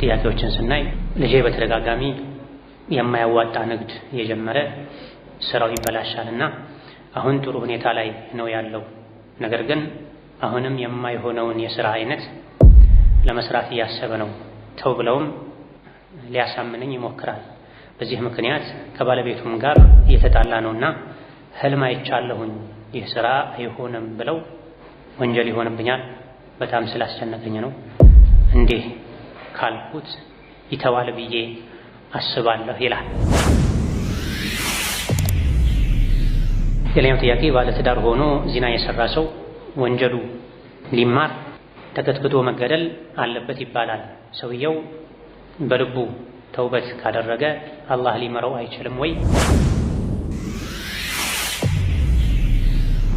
ጥያቄዎችን ስናይ ልጄ በተደጋጋሚ የማያዋጣ ንግድ እየጀመረ ስራው ይበላሻልና አሁን ጥሩ ሁኔታ ላይ ነው ያለው። ነገር ግን አሁንም የማይሆነውን የስራ አይነት ለመስራት እያሰበ ነው። ተው ብለውም ሊያሳምነኝ ይሞክራል። በዚህ ምክንያት ከባለቤቱም ጋር እየተጣላ ነውና ህልም አይቻለሁኝ። ይህ ስራ አይሆንም ብለው ወንጀል ይሆንብኛል። በጣም ስላስጨነቀኝ ነው እንዴ ካልኩት ይተዋል ብዬ አስባለሁ ይላል። ሌላኛው ጥያቄ ባለትዳር ሆኖ ዚና የሰራ ሰው ወንጀሉ ሊማር ተከትክቶ መገደል አለበት ይባላል። ሰውየው በልቡ ተውበት ካደረገ አላህ ሊመረው አይችልም ወይ?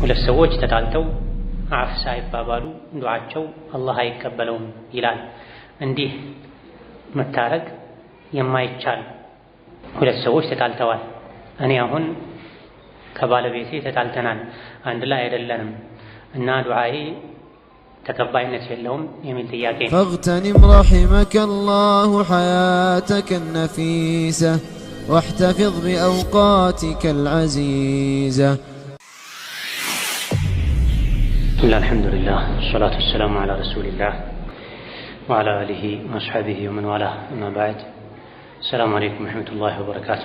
ሁለት ሰዎች ተጣልተው አፍ ሳይባባሉ ዱዓቸው አላህ አይቀበለውም ይላል። እንዲህ መታረቅ የማይቻል ሁለት ሰዎች ተጣልተዋል። እኔ አሁን ከባለቤቴ ተጣልተናል፣ አንድ ላይ አይደለንም እና ዱዓዬ ተቀባይነት የለውም የሚል ጥያቄ ፈግተኒም ረሒመከ ላሁ ሐያተከ ነፊሰ واحتفظ بأوقاتك العزيزة بسم الله الحمد لله والصلاة والسلام على رسول الله ወዓላ አሊሂ ወአስሐቢሂ ወመን ዋላህ አማ በዕድ። ሰላም አለይኩም ወረሕመቱላሂ ወበረካቱ።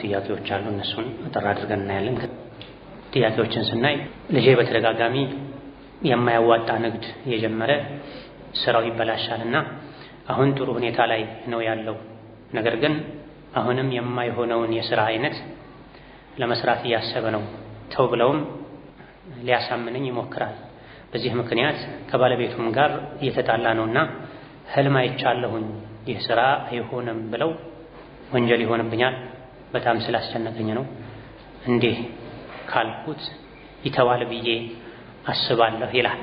ጥያቄዎች አሉ። እነሱን አጠር አድርገን እናያለን። ጥያቄዎችን ስናይ ልጄ በተደጋጋሚ የማያዋጣ ንግድ የጀመረ ስራው ይበላሻልና አሁን ጥሩ ሁኔታ ላይ ነው ያለው። ነገር ግን አሁንም የማይሆነውን የስራ አይነት ለመስራት እያሰበ ነው። ተው ብለውም ሊያሳምነኝ ይሞክራል። በዚህ ምክንያት ከባለቤቱም ጋር እየተጣላ ነውና ህልም አይቻለሁኝ ይህ ስራ አይሆንም ብለው ወንጀል ይሆንብኛል፣ በጣም ስላስጨነቀኝ ነው እንዲህ ካልኩት ይተዋል ብዬ አስባለሁ ይላል።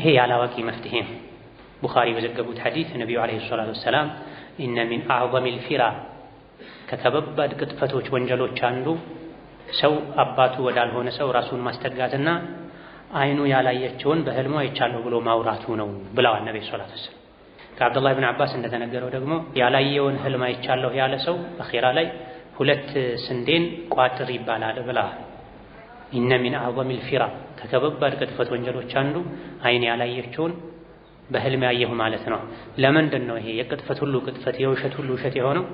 ይሄ ያላዋቂ መፍትሄ ነው። ቡኻሪ በዘገቡት ሐዲስ ነቢዩ ዓለይሂ ሰላቱ ወሰላም ኢነ ሚን አዕዘሚል ፊራ ከከበባድ ቅጥፈቶች ወንጀሎች አንዱ ሰው አባቱ ወዳልሆነ ሰው ራሱን ማስተጋትና አይኑ ያላየችውን በህልሙ አይቻለሁ ብሎ ማውራቱ ነው ብለዋል ነቢ ሰለላሁ ዐለይሂ ከአብዱላህ ብን አባስ እንደተነገረው ደግሞ ያላየውን ህልም አይቻለሁ ያለ ሰው አኼራ ላይ ሁለት ስንዴን ቋጥር ይባላል ብለዋል። ኢነ ሚን አዕዘሚል ፊራ ከከበባድ ቅጥፈት ወንጀሎች አንዱ አይን ያላየችውን በህልም ያየሁ ማለት ነው። ለምንድን ነው ይሄ የቅጥፈት ሁሉ ቅጥፈት የውሸት ሁሉ ውሸት የሆነው?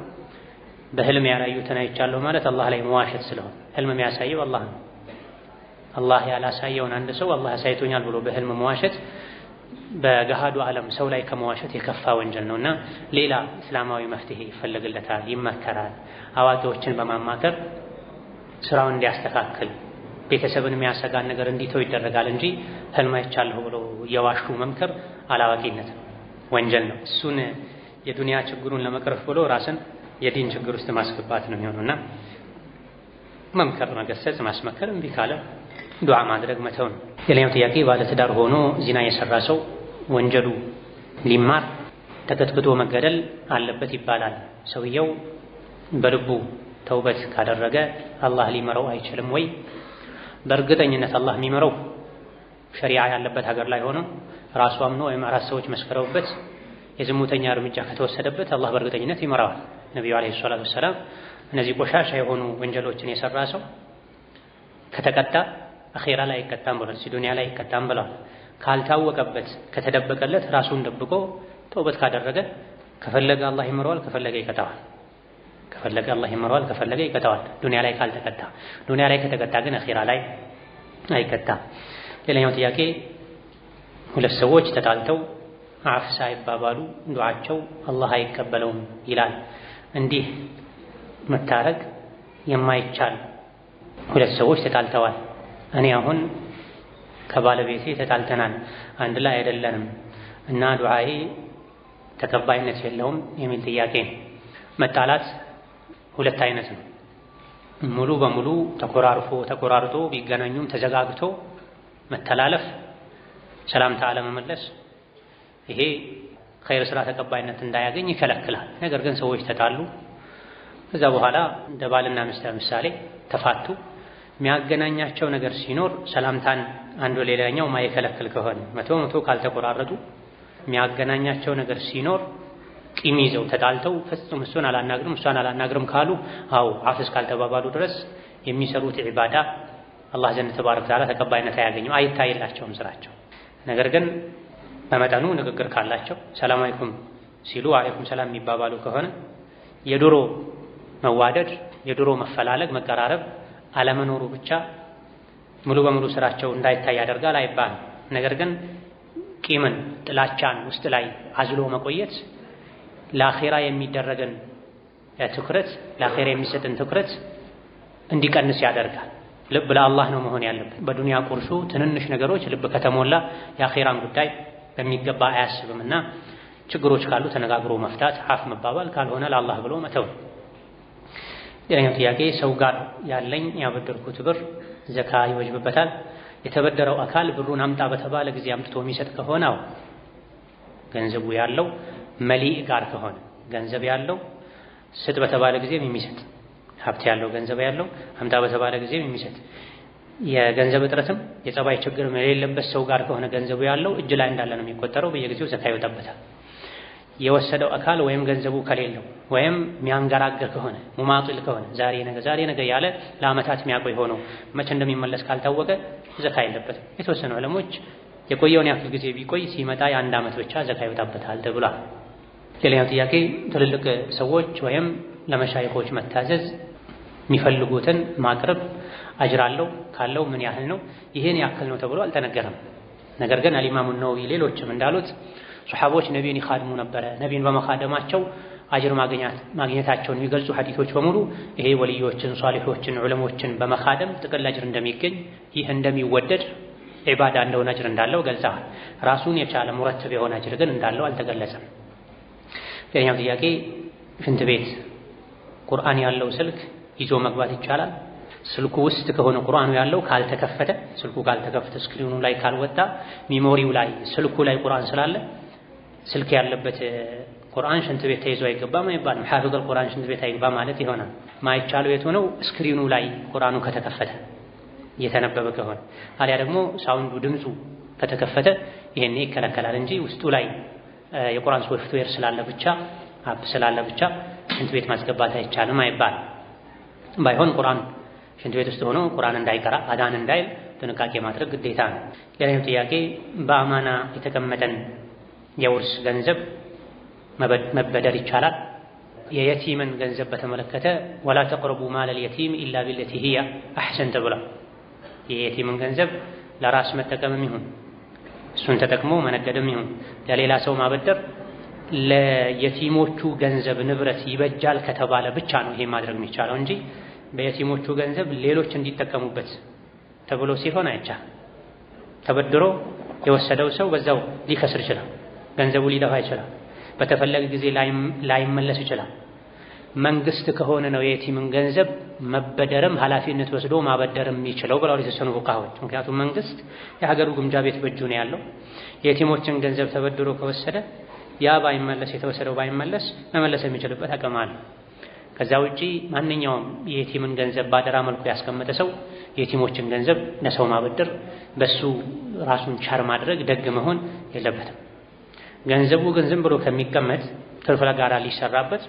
በህልም ያላዩትን አይቻለሁ ማለት አላህ ላይ መዋሸት ስለሆነ ህልም የሚያሳየው አላህ ነው። አላህ ያላሳየውን አንድ ሰው አላህ አሳይቶኛል ብሎ በህልም መዋሸት በገሃዱ ዓለም ሰው ላይ ከመዋሸት የከፋ ወንጀል ነው እና ሌላ እስላማዊ መፍትሄ ይፈለግለታል፣ ይመከራል። አዋቂዎችን በማማከር ስራውን እንዲያስተካክል ቤተሰብን የሚያሰጋን ነገር እንዲተው ይደረጋል እንጂ ህልም አይቻለሁ ብሎ የዋሹ መምከር አላዋቂነት ወንጀል ነው። እሱን የዱንያ ችግሩን ለመቅረፍ ብሎ ራስን የዲን ችግር ውስጥ ማስገባት ነው የሚሆነውና መምከር፣ መገሰጽ፣ ማስመከር እምቢ ካለ ዱዓ ማድረግ መተው ነው። ሌላኛው ጥያቄ ባለትዳር ሆኖ ዚና የሰራ ሰው ወንጀሉ ሊማር ተቀጥቅጦ መገደል አለበት ይባላል። ሰውየው በልቡ ተውበት ካደረገ አላህ ሊመረው አይችልም ወይ? በእርግጠኝነት አላህ የሚመረው ሸሪዓ ያለበት ሀገር ላይ ሆኖ ራሱ አምኖ ወይም አራት ሰዎች መስከረውበት የዝሙተኛ እርምጃ ከተወሰደበት አላህ በእርግጠኝነት ይመራዋል። ነቢዩ ዓለይሂ ሰላቱ ወሰላም እነዚህ ቆሻሻ የሆኑ ወንጀሎችን የሰራ ሰው ከተቀጣ አኼራ ላይ አይቀጣም ብሏል። ሲዱንያ ላይ አይቀጣም ብሏል። ካልታወቀበት ከተደበቀለት ራሱን ደብቆ ተውበት ካደረገ ከፈለገ አላህ ይምረዋል፣ ከፈለገ ይቀጣዋል። ከፈለገ አላህ ይምረዋል፣ ከፈለገ ይቀጣዋል። ዱንያ ላይ ካልተቀጣ። ዱንያ ላይ ከተቀጣ ግን አኼራ ላይ አይቀጣም። ሌላኛው ጥያቄ ሁለት ሰዎች ተጣልተው አፍ ሳይባባሉ ዱዓቸው አላህ አይቀበለውም ይላል። እንዲህ መታረቅ የማይቻል ሁለት ሰዎች ተጣልተዋል እኔ አሁን ከባለቤቴ ተጣልተናል፣ አንድ ላይ አይደለንም እና ዱዓዬ ተቀባይነት የለውም የሚል ጥያቄ። መጣላት ሁለት አይነት ነው። ሙሉ በሙሉ ተኮራርፎ ተኮራርጦ ቢገናኙም ተዘጋግቶ መተላለፍ፣ ሰላምታ አለመመለስ፣ ይሄ ኸይር ስራ ተቀባይነት እንዳያገኝ ይከለክላል። ነገር ግን ሰዎች ተጣሉ፣ ከዛ በኋላ እንደ ባልና ሚስት ምሳሌ ተፋቱ የሚያገናኛቸው ነገር ሲኖር ሰላምታን አንዱ ሌላኛው ማይከለክል ከሆነ መቶ መቶ ካልተቆራረጡ የሚያገናኛቸው ነገር ሲኖር ቂም ይዘው ተጣልተው ፍጹም እሱን አላናግርም እሷን አላናግርም ካሉ አው አፍ እስካልተባባሉ ድረስ የሚሰሩት ዒባዳ አላህ ዘንድ ተባረከ ተዓላ ተቀባይነት አያገኝም፣ አይታይላቸውም ስራቸው። ነገር ግን በመጠኑ ንግግር ካላቸው ሰላም አለይኩም ሲሉ አለይኩም ሰላም የሚባባሉ ከሆነ የድሮ መዋደድ፣ የድሮ መፈላለግ፣ መቀራረብ አለመኖሩ ብቻ ሙሉ በሙሉ ስራቸው እንዳይታይ ያደርጋል አይባል። ነገር ግን ቂምን፣ ጥላቻን ውስጥ ላይ አዝሎ መቆየት ለአኼራ የሚደረግን ትኩረት ለአኼራ የሚሰጥን ትኩረት እንዲቀንስ ያደርጋል። ልብ ለአላህ ነው መሆን ያለበት። በዱንያ ቁርሱ ትንንሽ ነገሮች ልብ ከተሞላ የአኼራን ጉዳይ በሚገባ አያስብምና ችግሮች ካሉ ተነጋግሮ መፍታት፣ አፍ መባባል ካልሆነ ለአላህ ብሎ መተው ሌላኛው ጥያቄ ሰው ጋር ያለኝ ያበደርኩት ብር ዘካ ይወጅብበታል? የተበደረው አካል ብሩን አምጣ በተባለ ጊዜ አምጥቶ የሚሰጥ ከሆነ አዎ። ገንዘቡ ያለው መሊእ ጋር ከሆነ ገንዘብ ያለው ስጥ በተባለ ጊዜም የሚሰጥ ሀብት ያለው ገንዘብ ያለው አምጣ በተባለ ጊዜም የሚሰጥ የገንዘብ እጥረትም የጸባይ ችግርም የሌለበት ሰው ጋር ከሆነ ገንዘቡ ያለው እጅ ላይ እንዳለ ነው የሚቆጠረው። በየጊዜው ዘካ ይወጣበታል። የወሰደው አካል ወይም ገንዘቡ ከሌለው ወይም የሚያንገራግር ከሆነ ሙማጢል ከሆነ ዛሬ ነገ ዛሬ ነገ ያለ ለአመታት የሚያቆይ ሆኖ መቼ እንደሚመለስ ካልታወቀ ዘካ የለበትም። የተወሰኑ ዕለሞች የቆየውን ያክል ጊዜ ቢቆይ ሲመጣ የአንድ ዓመት ብቻ ዘካ ይወጣበታል ተብሏል። ሌላኛው ጥያቄ ትልልቅ ሰዎች ወይም ለመሻይኮች መታዘዝ የሚፈልጉትን ማቅረብ አጅራለው ካለው ምን ያህል ነው? ይህን ያክል ነው ተብሎ አልተነገረም። ነገር ግን አልኢማሙ ነወዊ ሌሎችም እንዳሉት ሱሐቦች ነቢን ይኻድሙ ነበረ። ነቢን በመኻደማቸው አጅር ማግኘታቸውን የሚገልጹ ሐዲቶች በሙሉ ይሄ ወልዮችን፣ ሷሊሖችን፣ ዑለሞችን በመኻደም ጥቅል አጅር እንደሚገኝ ይህ እንደሚወደድ ዒባዳ እንደሆነ አጅር እንዳለው ገልጸዋል። ራሱን የቻለ ሙረትብ የሆነ አጅር ግን እንዳለው አልተገለጸም። ሌላኛው ጥያቄ ሽንት ቤት ቁርአን ያለው ስልክ ይዞ መግባት ይቻላል? ስልኩ ውስጥ ከሆነ ቁርአኑ ያለው ካልተከፈተ ስልኩ ካልተከፈተ ስክሪኑ ላይ ካልወጣ ሚሞሪው ላይ ስልኩ ላይ ቁርአን ስላለ ስልክ ያለበት ቁርአን ሽንት ቤት ተይዞ አይገባም አይባልም። ሐፊዝ ቁርአን ሽንት ቤት አይገባ ማለት ይሆናል። ማይቻለው የት ሆነው ስክሪኑ ላይ ቁርአኑ ከተከፈተ እየተነበበ ከሆነ አሊያ ደግሞ ሳውንዱ ድምፁ ከተከፈተ ይሄኔ ይከለከላል እንጂ ውስጡ ላይ የቁርአን ሶፍትዌር ስላለ ብቻ አፕ ስላለ ብቻ ሽንት ቤት ማስገባት አይቻልም አይባልም። ባይሆን ቁርአን ሽንት ቤት ውስጥ ሆኖ ቁርአን እንዳይቀራ አዳን እንዳይል ጥንቃቄ ማድረግ ግዴታ ነው። ሌላኛው ጥያቄ በአማና የተቀመጠን የውርስ ገንዘብ መበደር ይቻላል። የየቲምን ገንዘብ በተመለከተ ወላ ተቅርቡ ማለል የቲም ኢላ ቢለቲ ህያ አሕሰን ተብሏል። የየቲምን ገንዘብ ለራስ መጠቀምም ይሁን እሱን ተጠቅሞ መነገድም ይሁን ለሌላ ሰው ማበደር ለየቲሞቹ ገንዘብ ንብረት ይበጃል ከተባለ ብቻ ነው ይሄ ማድረግ የሚቻለው እንጂ በየቲሞቹ ገንዘብ ሌሎች እንዲጠቀሙበት ተብሎ ሲሆን አይቻ ተበድሮ የወሰደው ሰው በዛው ሊከስር ይችላል። ገንዘቡ ሊጠፋ ይችላል። በተፈለገ ጊዜ ላይመለስ ይችላል። መንግስት ከሆነ ነው የቲምን ገንዘብ መበደርም ኃላፊነት ወስዶ ማበደርም የሚችለው ብለው የተሰኑ ፉቃሃዎች። ምክንያቱም መንግስት የሀገሩ ግምጃ ቤት በእጁ ነው ያለው። የቲሞችን ገንዘብ ተበድሮ ከወሰደ ያ ባይመለስ የተወሰደው ባይመለስ መመለስ የሚችልበት አቅም አለ። ከዛ ውጪ ማንኛውም የቲምን ገንዘብ ባደራ መልኩ ያስቀመጠ ሰው የቲሞችን ገንዘብ ለሰው ማበደር፣ በሱ ራሱን ቻር ማድረግ፣ ደግ መሆን የለበትም። ገንዘቡ ግን ዝም ብሎ ከሚቀመጥ ትርፍ ለጋራ ሊሰራበት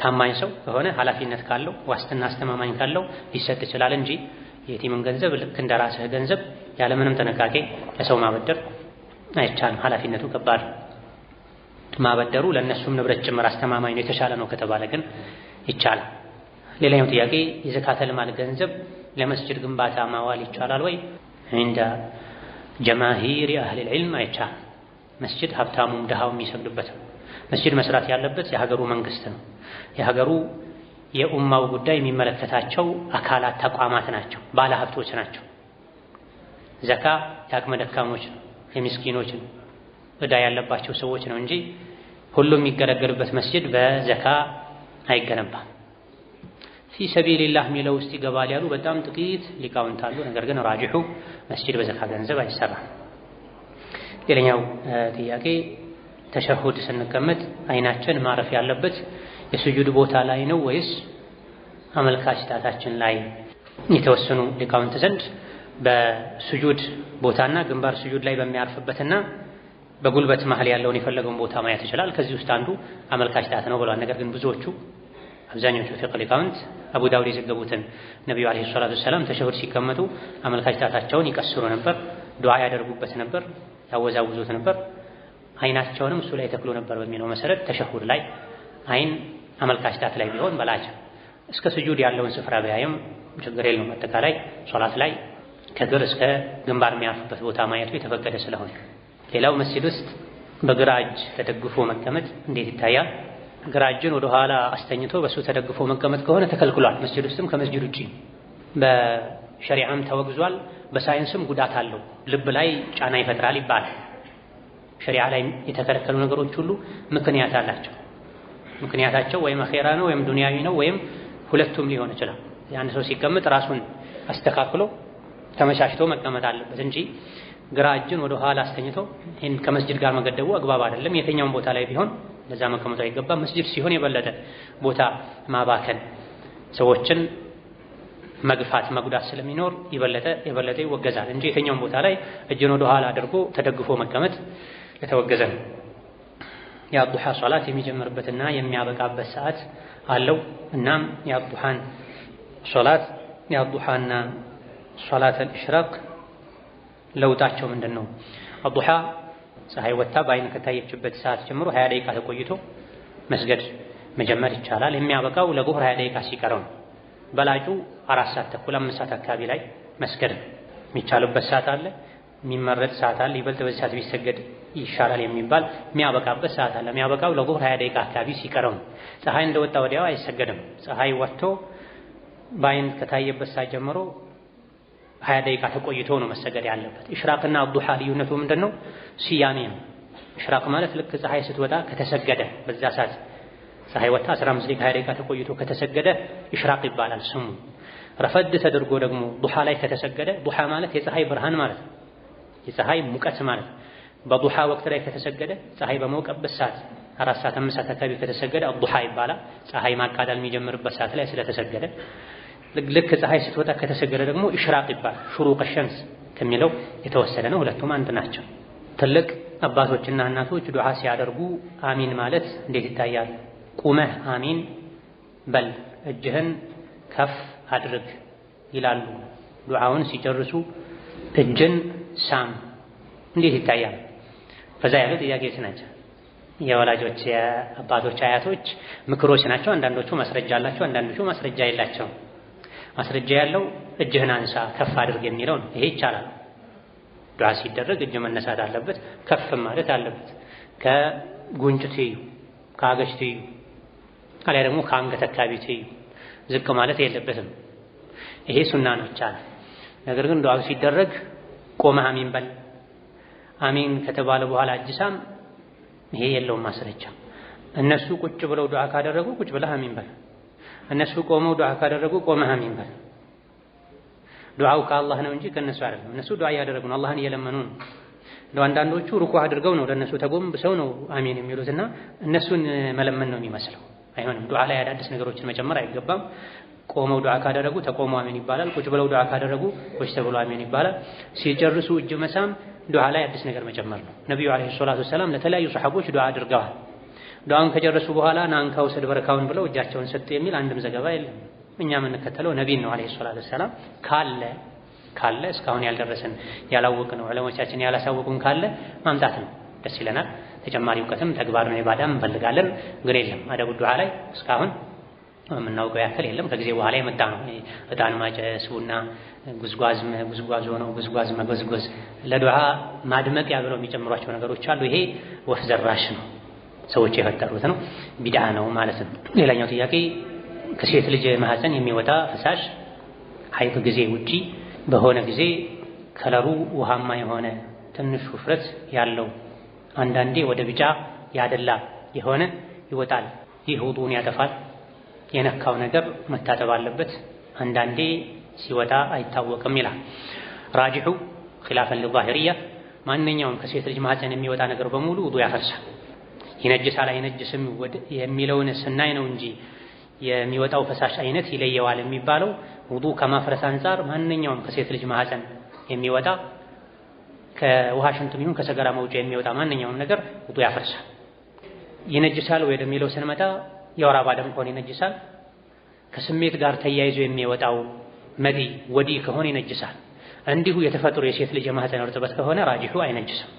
ታማኝ ሰው ከሆነ ኃላፊነት ካለው ዋስትና አስተማማኝ ካለው ሊሰጥ ይችላል እንጂ የቲምን ገንዘብ ልክ እንደ ራስህ ገንዘብ ያለምንም ጥንቃቄ ለሰው ማበደር አይቻልም። ኃላፊነቱ ከባድ። ማበደሩ ለእነሱም ንብረት ጭምር አስተማማኝ ነው የተሻለ ነው ከተባለ ግን ይቻላል። ሌላኛው ጥያቄ የዘካተ ማል ገንዘብ ለመስጅድ ግንባታ ማዋል ይቻላል ወይ? እንደ ጀማሂር የአህል ልዕልም አይቻልም። መስጅድ ሀብታሙም ድሃው የሚሰግድበት ነው። መስጅድ መስራት ያለበት የሀገሩ መንግስት ነው። የሀገሩ የኡማው ጉዳይ የሚመለከታቸው አካላት ተቋማት ናቸው፣ ባለ ሀብቶች ናቸው። ዘካ የአቅመ ደካሞች ነው፣ የሚስኪኖች ነው፣ እዳ ያለባቸው ሰዎች ነው እንጂ ሁሉም የሚገለገልበት መስጅድ በዘካ አይገነባም። ፊ ሰቢልላህ የሚለው ውስጥ ይገባል ያሉ በጣም ጥቂት ሊቃውንት አሉ። ነገር ግን ራጅሑ መስጅድ በዘካ ገንዘብ አይሰራም። ሌላኛው ጥያቄ ተሸሁድ ስንቀመጥ አይናችን ማረፍ ያለበት የስጁድ ቦታ ላይ ነው ወይስ አመልካች ጣታችን ላይ? የተወሰኑ ሊቃውንት ዘንድ በስጁድ ቦታና ግንባር ስጁድ ላይ በሚያርፍበትና በጉልበት መሀል ያለውን የፈለገውን ቦታ ማየት ይችላል። ከዚህ ውስጥ አንዱ አመልካች ጣት ነው ብሏል። ነገር ግን ብዙዎቹ አብዛኞቹ ፊቅህ ሊቃውንት አቡ ዳውድ የዘገቡትን ነቢዩ ዓለይሂ ሰላቱ ወሰላም ተሸሁድ ሲቀመጡ አመልካች ጣታቸውን ይቀስሩ ነበር፣ ዱዓ ያደርጉበት ነበር። ያወዛውዙት ነበር። አይናቸውንም እሱ ላይ ተክሎ ነበር በሚለው መሰረት ተሸሁድ ላይ አይን አመልካች ጣት ላይ ቢሆን በላቸው። እስከ ስጁድ ያለውን ስፍራ ቢያይም ችግር የለውም። አጠቃላይ ሶላት ላይ ከግር እስከ ግንባር የሚያርፍበት ቦታ ማየቱ የተፈቀደ ስለሆነ፣ ሌላው መስጂድ ውስጥ በግራ እጅ ተደግፎ መቀመጥ እንዴት ይታያል? ግራ እጅን ወደ ኋላ አስተኝቶ በሱ ተደግፎ መቀመጥ ከሆነ ተከልክሏል። መስጂድ ውስጥም ከመስጂድ ውጪ በሸሪዓም ተወግዟል። በሳይንስም ጉዳት አለው፣ ልብ ላይ ጫና ይፈጥራል ይባላል። ሸሪዓ ላይ የተከለከሉ ነገሮች ሁሉ ምክንያት አላቸው። ምክንያታቸው ወይም አኼራ ነው ወይም ዱንያዊ ነው ወይም ሁለቱም ሊሆን ይችላል። አንድ ሰው ሲቀመጥ ራሱን አስተካክሎ ተመቻችቶ መቀመጥ አለበት እንጂ ግራ እጅን ወደ ኋላ አስተኝቶ ይህን ከመስጅድ ጋር መገደቡ አግባብ አይደለም። የትኛውም ቦታ ላይ ቢሆን ለዛ መቀመጡ አይገባም። መስጅድ ሲሆን የበለጠ ቦታ ማባከን ሰዎችን መግፋት መጉዳት ስለሚኖር የበለጠ የበለጠ ይወገዛል እንጂ የትኛውም ቦታ ላይ እጅን ወደ ኋላ አድርጎ ተደግፎ መቀመጥ የተወገዘ ነው። የአጡሓ ሶላት የሚጀምርበትና የሚያበቃበት ሰዓት አለው። እናም የአጡሓን ሶላት የአጡሓና ሶላት አልኢሽራቅ ለውጣቸው ምንድን ነው? ፀሐይ ወጥታ በአይን ከታየችበት ሰዓት ጀምሮ ሀያ ደቂቃ ተቆይቶ መስገድ መጀመር ይቻላል። የሚያበቃው ለጉህር ሀያ ደቂቃ ሲቀረው ነው። በላጩ አራት ሰዓት ተኩል አምስት ሰዓት አካባቢ ላይ መስገድ የሚቻሉበት የሚቻልበት ሰዓት አለ፣ የሚመረጥ ሰዓት አለ። ይበልጥ በዚህ ሰዓት ቢሰገድ ይሻላል የሚባል የሚያበቃበት ሰዓት አለ። የሚያበቃው ለጉብር ሀያ ደቂቃ አካባቢ ሲቀረው ነው። ፀሐይ እንደወጣ ወዲያው አይሰገድም። ፀሐይ ወጥቶ በአይን ከታየበት ሰዓት ጀምሮ ሀያ ደቂቃ ተቆይቶ ነው መሰገድ ያለበት። ኢሽራቅና ዱሃ ልዩነቱ ምንድን ነው? ስያሜ ነው። ኢሽራቅ ማለት ልክ ፀሐይ ስትወጣ ከተሰገደ በዛ ሰዓት ፀሐይ ወታ 15 ደቂቃ 20 ደቂቃ ተቆይቶ ከተሰገደ ኢሽራቅ ይባላል ስሙ። ረፈድ ተደርጎ ደግሞ ዱሃ ላይ ከተሰገደ ዱሃ ማለት የፀሐይ ብርሃን ማለት ነው። የፀሐይ ሙቀት ማለት ነው። በዱሃ ወቅት ላይ ከተሰገደ ፀሐይ በመውቀበት ሰዓት አራት ሰዓት አምስት ሰዓት አካባቢ ከተሰገደ አዱሃ ይባላል። ፀሐይ ማቃጠል የሚጀምርበት ሰዓት ላይ ስለተሰገደ ልክ ፀሐይ ስትወጣ ከተሰገደ ደግሞ ኢሽራቅ ይባላል። ሹሩቅ ሸምስ ከሚለው የተወሰደ ነው። ሁለቱም አንድ ናቸው። ትልቅ አባቶችና እናቶች ዱዓ ሲያደርጉ አሚን ማለት እንዴት ይታያል? ቁመህ አሚን በል እጅህን ከፍ አድርግ ይላሉ። ዱዓውን ሲጨርሱ እጅን ሳም እንዴት ይታያል? በዛ ያሉ ጥያቄዎች ናቸው። የወላጆች የአባቶች አያቶች ምክሮች ናቸው። አንዳንዶቹ ማስረጃ አላቸው፣ አንዳንዶቹ ማስረጃ የላቸውም። ማስረጃ ያለው እጅህን አንሳ ከፍ አድርግ የሚለው ነው። ይሄ ይቻላል። ዱዓ ሲደረግ እጅ መነሳት አለበት፣ ከፍ ማለት አለበት። ከጉንጭ ትይዩ ከአገጭ ትይዩ አሊያ ደግሞ ከአንገት አካባቢ ትይዩ ዝቅ ማለት የለበትም። ይሄ ሱና ነው ይቻላል። ነገር ግን ዱዓ ሲደረግ ቆመህ አሚን በል አሚን ከተባለ በኋላ እጅሳም ይሄ የለውም ማስረጃ። እነሱ ቁጭ ብለው ዱዓ ካደረጉ ቁጭ ብለህ አሚን በል፣ እነሱ ቆመው ዱዓ ካደረጉ ቆመህ አሚን በል። ዱዓው ከአላህ ነው እንጂ ከእነሱ አይደለም። እነሱ ዱዓ እያደረጉ ነው፣ አላህን እየለመኑ ነው። እንደው አንዳንዶቹ ሩኩዕ አድርገው ነው ለእነሱ ተጎንብሰው ነው አሚን የሚሉትና እነሱን መለመን ነው የሚመስለው። አይሆንም። ዱዓ ላይ አዳዲስ ነገሮችን መጨመር አይገባም። ቆመው ዱዓ ካደረጉ ተቆሙ አሜን ይባላል። ቁጭ ብለው ዱዓ ካደረጉ ቁጭ ተብሎ አሜን ይባላል። ሲጨርሱ እጅ መሳም ዱዓ ላይ አዲስ ነገር መጨመር ነው። ነቢዩ ዓለይሂ ሰላቱ ወሰላም ለተለያዩ ሰሐቦች ዱዓ አድርገዋል። ዱዓን ከጨረሱ በኋላ ናንካ ውሰድ በረካውን ብለው እጃቸውን ሰጡ የሚል አንድም ዘገባ የለም። እኛ የምንከተለው ነቢን ነው ዓለይሂ ሰላቱ ወሰላም። ካለ ካለ እስካሁን ያልደረሰን ያላወቅነው ዑለሞቻችን ያላሳወቁን ካለ ማምጣት ነው፣ ደስ ይለናል። ተጨማሪ እውቀትም ተግባርን ኢባዳም እንፈልጋለን። ግን የለም አደቡ ዱዓ ላይ እስካሁን የምናውቀው ያክል የለም። ከጊዜ በኋላ የመጣ ነው። እጣን ማጨስ፣ ቡና፣ ጉዝጓዝ ጉዝጓዝ ሆኖ ጉዝጓዝ መጎዝጎዝ፣ ለዱዓ ማድመቂያ ብለው የሚጨምሯቸው ነገሮች አሉ። ይሄ ወፍ ዘራሽ ነው፣ ሰዎች የፈጠሩት ነው፣ ቢድዓ ነው ማለት ነው። ሌላኛው ጥያቄ ከሴት ልጅ ማህፀን የሚወጣ ፈሳሽ ሀይድ ጊዜ ውጪ በሆነ ጊዜ ከለሩ ውሃማ የሆነ ትንሽ ውፍረት ያለው አንዳንዴ ወደ ቢጫ ያደላ የሆነ ይወጣል። ይህ ውጡን ያጠፋል። የነካው ነገር መታጠብ አለበት። አንዳንዴ ሲወጣ አይታወቅም ይላል። ራጅሑ ኺላፈን ሊዛሂርያ ማንኛውም ከሴት ልጅ ማህፀን የሚወጣ ነገር በሙሉ ውዱ ያፈርሳል። ይነጅሳል አይነጅስም የሚለውን ስናይ ነው እንጂ የሚወጣው ፈሳሽ አይነት ይለየዋል የሚባለው ውዱ ከማፍረስ አንጻር ማንኛውም ከሴት ልጅ ማህፀን የሚወጣ ከውሃ ሽንት ከሰገራ መውጫ የሚወጣ ማንኛውም ነገር ውጡ ያፈርሳል። ይነጅሳል ወይ ወደሚለው ስንመጣ የወር አበባ ደም ከሆነ ይነጅሳል። ከስሜት ጋር ተያይዞ የሚወጣው መዲ ወዲ ከሆነ ይነጅሳል። እንዲሁ የተፈጥሮ የሴት ልጅ የማህፀን እርጥበት ከሆነ ራጅሑ አይነጅስም።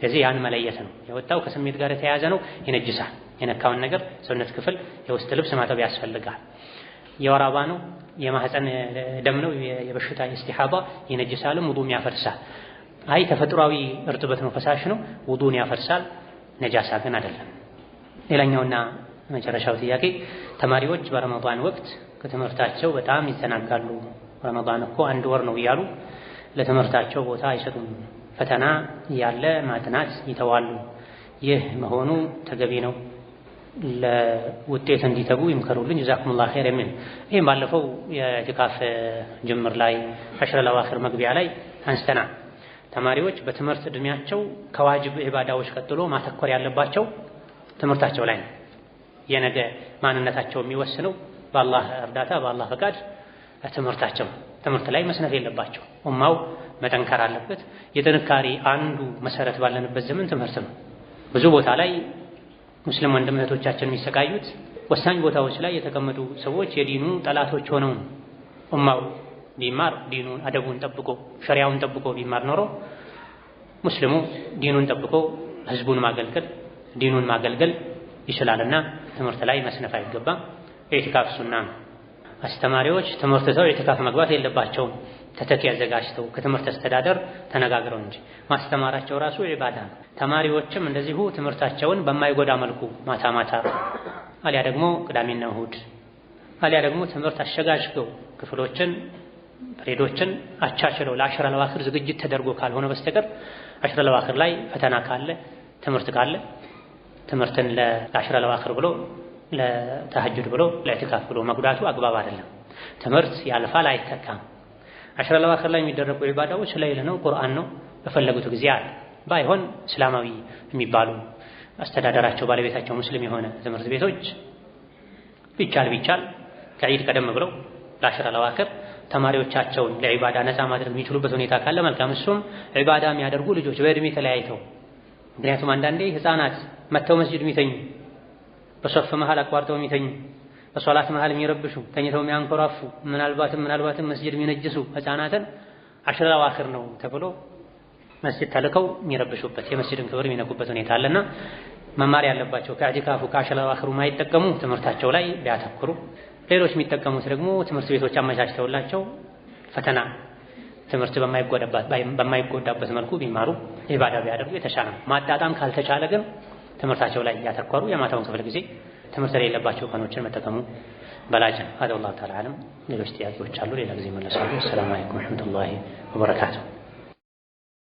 ከዚህ ያን መለየት ነው። የወጣው ከስሜት ጋር የተያያዘ ነው፣ ይነጅሳል። የነካውን ነገር ሰውነት ክፍል የውስጥ ልብስ ማጠብ ያስፈልጋል። የወር አበባ ነው፣ የማህፀን ደም ነው፣ የበሽታ ኢስቲሃባ ይነጅሳልም፣ ውዱም ያፈርሳል። አይ ተፈጥሯዊ እርጥበት ነው፣ ፈሳሽ ነው፣ ውዱን ያፈርሳል፣ ነጃሳ ግን አይደለም። ሌላኛውና መጨረሻው ጥያቄ ተማሪዎች በረመዳን ወቅት ከትምህርታቸው በጣም ይዘናጋሉ። ረመዳን እኮ አንድ ወር ነው እያሉ ለትምህርታቸው ቦታ አይሰጡም። ፈተና ያለ ማጥናት ይተዋሉ። ይህ መሆኑ ተገቢ ነው? ለውጤት እንዲተጉ ይምከሩልኝ። ጀዛኩሙላህ ኸይር የሚል ይህም ባለፈው የኢዕቲካፍ ጅምር ላይ አሽረል አዋኺር መግቢያ ላይ አንስተናል። ተማሪዎች በትምህርት እድሜያቸው ከዋጅብ ኢባዳዎች ቀጥሎ ማተኮር ያለባቸው ትምህርታቸው ላይ ነው። የነገ ማንነታቸው የሚወስነው በአላህ እርዳታ በአላህ ፈቃድ ትምህርታቸው ትምህርት ላይ መስነፍ የለባቸው። ኡማው መጠንከር አለበት። የጥንካሬ አንዱ መሰረት ባለንበት ዘመን ትምህርት ነው። ብዙ ቦታ ላይ ሙስሊም ወንድም እህቶቻችን የሚሰቃዩት ወሳኝ ቦታዎች ላይ የተቀመጡ ሰዎች የዲኑ ጠላቶች ሆነው ኡማው ቢማር ዲኑን አደቡን ጠብቆ ሸሪያውን ጠብቆ ቢማር ኖሮ ሙስሊሙ ዲኑን ጠብቆ ህዝቡን ማገልገል ዲኑን ማገልገል ይችላልና ትምህርት ላይ መስነፍ አይገባ። ኢዕቲካፍ ሱና ነው። አስተማሪዎች ትምህርት ሰው ኢዕቲካፍ መግባት የለባቸውም። ተተኪ ያዘጋጅተው ከትምህርት አስተዳደር ተነጋግረው እንጂ ማስተማራቸው ራሱ ዒባዳ ነው። ተማሪዎችም እንደዚሁ ትምህርታቸውን በማይጎዳ መልኩ ማታ ማታ አሊያ ደግሞ ቅዳሜና እሁድ አሊያ ደግሞ ትምህርት አሸጋጅገው ክፍሎችን ሬዶችን አቻችለው ለአሽረ ለዋክር ዝግጅት ተደርጎ ካልሆነ በስተቀር አሽረ ለዋክር ላይ ፈተና ካለ ትምህርት ካለ ትምህርትን ለአሽረ ለዋክር ብሎ ለተሐጅድ ብሎ ለኢዕቲካፍ ብሎ መጉዳቱ አግባብ አይደለም። ትምህርት ያልፋል፣ አይተካም። አሽረ ለዋክር ላይ የሚደረጉ ዒባዳዎች ለይል ነው፣ ቁርአን ነው፣ በፈለጉት ጊዜ አለ። ባይሆን እስላማዊ የሚባሉ አስተዳደራቸው ባለቤታቸው ሙስሊም የሆነ ትምህርት ቤቶች ቢቻል ቢቻል ከዒድ ቀደም ብለው ለአሽረ ለዋክር ተማሪዎቻቸውን ለዒባዳ ነፃ ማድረግ የሚችሉበት ሁኔታ ካለ መልካም። እሱም ዒባዳ የሚያደርጉ ልጆች በእድሜ ተለያይተው፣ ምክንያቱም አንዳንዴ ህፃናት መጥተው መስጅድ የሚተኙ በሶፍ መሃል አቋርጠው የሚተኙ በሶላት መሃል የሚረብሹ ተኝተው የሚያንኮራፉ ምናልባትም ምናልባትም መስጅድ የሚነጅሱ ህፃናትን አሽራው አዋክር ነው ተብሎ መስጅድ ተልከው የሚረብሹበት የመስጅድን ክብር የሚነኩበት ሁኔታ አለና መማር ያለባቸው ከዕቲካፉ ከአሽራው አዋክሩ ማይጠቀሙ ትምህርታቸው ላይ ቢያተኩሩ ሌሎች የሚጠቀሙት ደግሞ ትምህርት ቤቶች አመቻችተውላቸው ፈተና ትምህርት በማይጎዳበት መልኩ ቢማሩ ኢባዳ ቢያደርጉ የተሻለ ነው። ማጣጣም ካልተቻለ ግን ትምህርታቸው ላይ እያተኮሩ የማታውን ክፍል ጊዜ ትምህርት ላይ የሌለባቸው ቀኖችን መጠቀሙ በላጭ ነው። አላሁ ተዓላ አለም። ሌሎች ጥያቄዎች አሉ፣ ሌላ ጊዜ መለሳሉ። ሰላም አለይኩም ወረሕመቱላሂ ወበረካቱሁ።